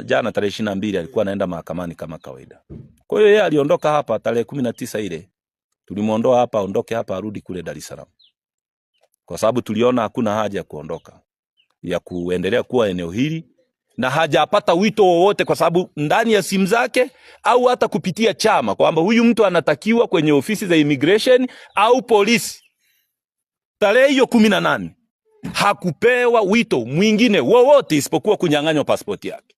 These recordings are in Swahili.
jana tarehe ishirini na mbili alikuwa anaenda mahakamani kama kawaida. Kwa hiyo yeye aliondoka hapa tarehe kumi na tisa ile tulimwondoa hapa, aondoke hapa arudi kule Dar es Salaam, kwa sababu tuliona hakuna haja ya kuondoka ya kuendelea kuwa eneo hili, na hajapata wito wowote, kwa sababu ndani ya simu zake au hata kupitia chama kwamba huyu mtu anatakiwa kwenye ofisi za immigration au polisi. Tarehe hiyo kumi na nane hakupewa wito mwingine wowote isipokuwa kunyang'anywa pasipoti yake.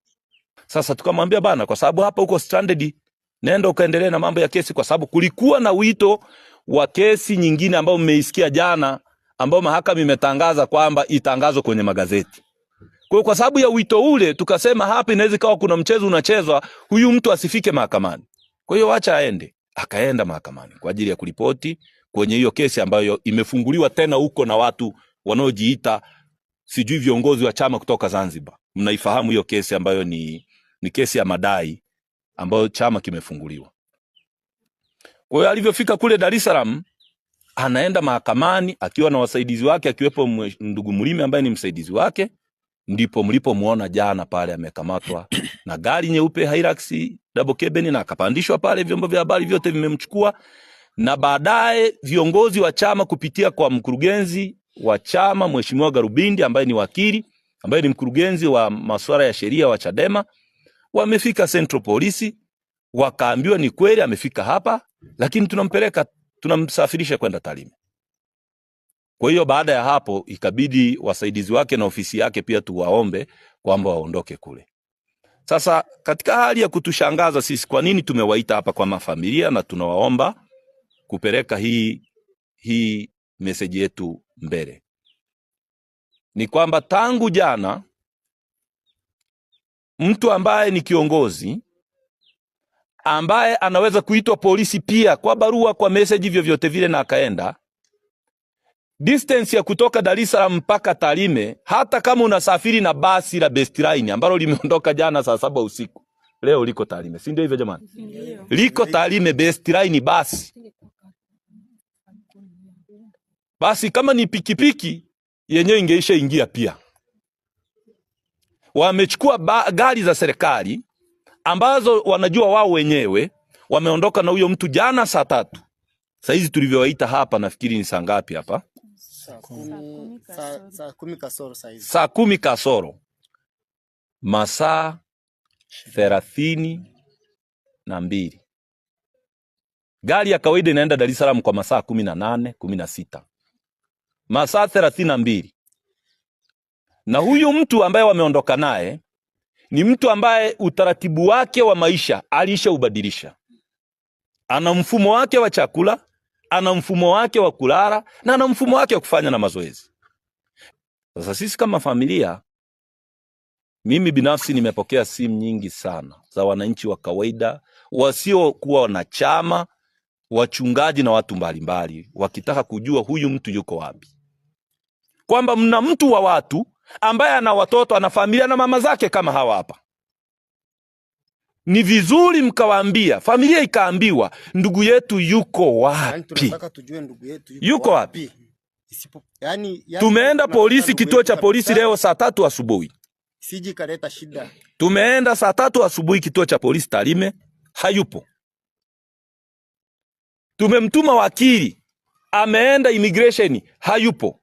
Sasa tukamwambia bana, kwa sababu hapa uko stranded, nenda ukaendelee na mambo ya kesi, kwa sababu kulikuwa na wito wa kesi nyingine ambayo mmeisikia jana, ambayo mahakama imetangaza kwamba itangazwe kwenye magazeti. Kwa kwa sababu ya wito ule, tukasema hapa inaweza ikawa kuna mchezo unachezwa, huyu mtu asifike mahakamani. Kwa hiyo acha aende. Akaenda mahakamani kwa ajili ya kulipoti kwenye hiyo kesi ambayo imefunguliwa tena huko na watu wanaojiita sijui viongozi wa chama kutoka Zanzibar. Mnaifahamu hiyo kesi ambayo ni ni kesi ya madai ambayo chama kimefunguliwa. Kwa hiyo alivyofika kule Dar es Salaam, anaenda mahakamani akiwa na wasaidizi wake, akiwepo ndugu Mlime ambaye ni msaidizi wake, ndipo mlipomuona jana pale amekamatwa na gari nyeupe Hilux double cabin na akapandishwa pale, vyombo vya habari vyote vimemchukua na baadaye viongozi wa chama kupitia kwa mkurugenzi wa chama Mheshimiwa Garubindi ambaye ni wakili ambaye ni mkurugenzi wa masuala ya sheria wa Chadema Wamefika Central Polisi wakaambiwa ni kweli amefika hapa, lakini tunampeleka tunamsafirisha kwenda Tarime. Kwa hiyo baada ya hapo ikabidi wasaidizi wake na ofisi yake pia tuwaombe kwamba waondoke kule. Sasa katika hali ya kutushangaza sisi, kwa nini tumewaita hapa kwa mafamilia na tunawaomba kupeleka hii hii meseji yetu mbele, ni kwamba tangu jana mtu ambaye ni kiongozi ambaye anaweza kuitwa polisi pia kwa barua, kwa meseji, vyovyote vile, na akaenda distance ya kutoka Dar es Salaam mpaka Tarime, hata kama unasafiri na basi la Best Line ambalo limeondoka jana saa saba usiku, leo liko Tarime, si ndio hivyo jamani? Liko Tarime Best Line basi basi, kama ni pikipiki yenyewe ingeisha ingia pia wamechukua gari za serikali ambazo wanajua wao wenyewe, wameondoka na huyo mtu jana saa tatu. Saizi tulivyowaita hapa, nafikiri ni saa ngapi hapa? Saa kumi kasoro, saa kumi kasoro, masaa thelathini na mbili. Gari ya kawaida inaenda Dar es Salaam kwa masaa kumi na nane kumi na sita masaa thelathini na mbili na huyu mtu ambaye wameondoka naye ni mtu ambaye utaratibu wake wa maisha alishaubadilisha. Ana mfumo wake wa chakula, ana mfumo wake wa kulala na ana mfumo wake wa kufanya na mazoezi. Sasa sisi kama familia, mimi binafsi nimepokea simu nyingi sana za wananchi wa kawaida wasiokuwa na chama, wachungaji na watu mbalimbali, wakitaka kujua huyu mtu yuko wapi, kwamba mna mtu wa watu ambaye ana watoto ana familia na mama zake kama hawa hapa ni vizuri mkawaambia, familia ikaambiwa ndugu yetu yuko yaani wapi, tujue ndugu yetu yuko, yuko wapi. Isipo, yani, yani, tumeenda polisi, kituo cha polisi leo saa tatu asubuhi, siji kaleta shida. Tumeenda saa tatu asubuhi kituo cha polisi Tarime, hayupo. Tumemtuma wakili, ameenda immigration, hayupo.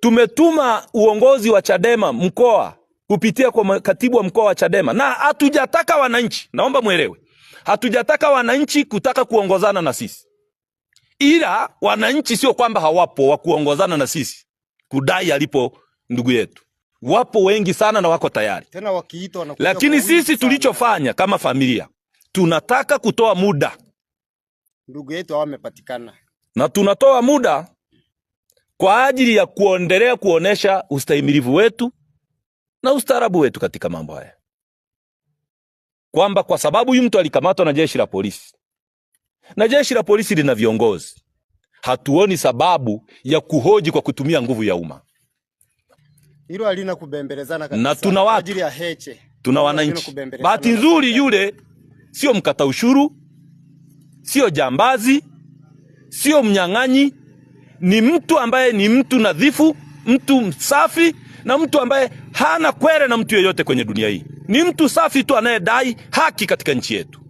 Tumetuma uongozi wa Chadema mkoa kupitia kwa katibu wa mkoa wa Chadema, na hatujataka wananchi, naomba mwelewe, hatujataka wananchi kutaka kuongozana na sisi, ila wananchi sio kwamba hawapo wa kuongozana na sisi kudai alipo ndugu yetu, wapo wengi sana na wako tayari tena wakiitwa, lakini sisi tulichofanya kama familia tunataka kutoa muda ndugu yetu amepatikana, na tunatoa muda kwa ajili ya kuendelea kuonesha ustahimilivu wetu na ustaarabu wetu katika mambo haya, kwamba kwa sababu huyu mtu alikamatwa na jeshi la polisi na jeshi la polisi lina viongozi, hatuoni sababu ya kuhoji kwa kutumia nguvu ya umma. Hilo halina kubembelezana kabisa. Na tuna watu, ajili ya heche, tuna wananchi. Bahati nzuri, yule sio mkata ushuru, sio jambazi, sio mnyang'anyi ni mtu ambaye ni mtu nadhifu, mtu msafi na mtu ambaye hana kwere na mtu yeyote kwenye dunia hii. Ni mtu safi tu anayedai haki katika nchi yetu.